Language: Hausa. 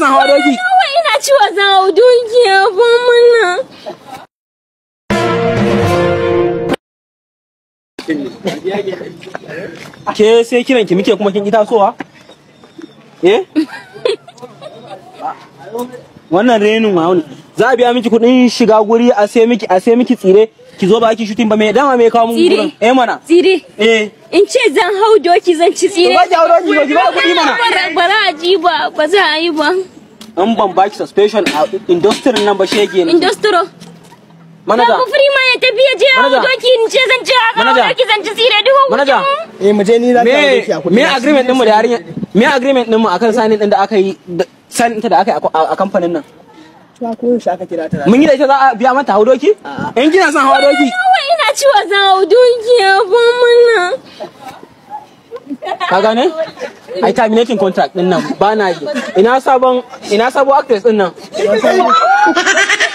Zan hawa doki. ina ciwo zan hawa doki Ke sai kiran ki muke kuma kin ki tasowa? Eh? Wannan renin ma wani. za a biya miki kuɗin shiga guri a sai miki a sai miki tsire ki zo ba ki shutin ba me dama me kawo mun gura eh mana tsire eh in ce zan hau doki zan ci tsire ba ki hau doki doki ba kuɗi mana ba za a ji ba ba za a yi ba an ban baki suspension a industry nan ba shege ne industry manaja ku firi ma ya tafi ya je hau doki in ce zan ci haka hau doki zan ci tsire duhu mana manaja eh mu je ni za ka hau doki a kuɗi me agreement din mu da yarinya me agreement din mu akan sanin din da aka yi sanin ta da aka yi a kamfanin nan ta ko yaushe aka kira ta mun yi da ita za a biya mata hau doki in kina son hawa doki ina ci wa za hau doki ya ban nan ka gane ai terminating contract din nan ba na ina sabon ina sabon actress din nan